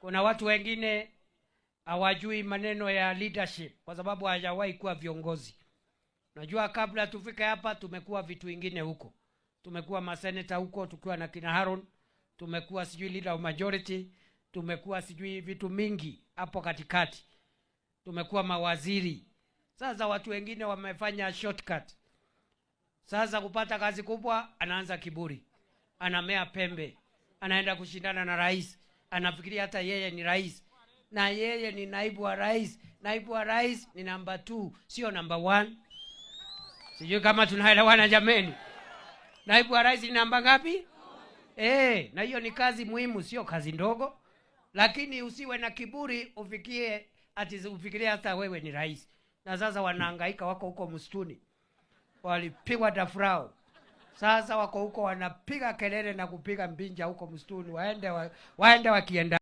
Kuna watu wengine hawajui maneno ya leadership kwa sababu hawajawahi kuwa viongozi. Najua kabla tufike hapa tumekuwa vitu vingine huko, tumekuwa maseneta huko tukiwa na kina Haron, tumekuwa sijui leader of majority, tumekuwa sijui vitu mingi hapo katikati, tumekuwa mawaziri. Sasa watu wengine wamefanya shortcut. Sasa kupata kazi kubwa, anaanza kiburi, anamea pembe, anaenda kushindana na rais, anafikiria hata yeye ni rais na yeye ni naibu wa rais naibu wa rais ni namba t sio namba one sijui kama tunaelewana jameni naibu wa rais ni namba ngapi e, na hiyo ni kazi muhimu sio kazi ndogo lakini usiwe na kiburi ufikie ati ufikirie hata wewe ni rais na sasa wanaangaika wako huko msituni walipigwa tafurao sasa wako huko wanapiga kelele na kupiga mbinja huko msituni, waende wa, waende wakienda